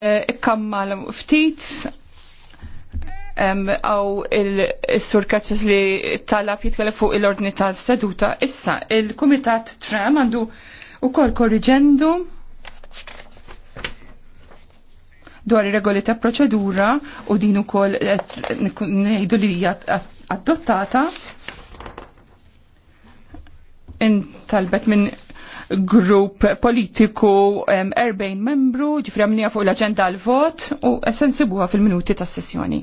Eh, ikkammal ftit għaw il-sur kaċċis li talab jitkellem fuq il-ordni ta' seduta. Issa, il-Kumitat Tram għandu u kol korriġendu dwar regoli ta' proċedura u din ukoll ngħidu li hija adottata intalbet minn grupp politiku 40 membru, ġifri għamnija fuq l-agenda għal vot u essensibuħa fil-minuti tas-sessjoni.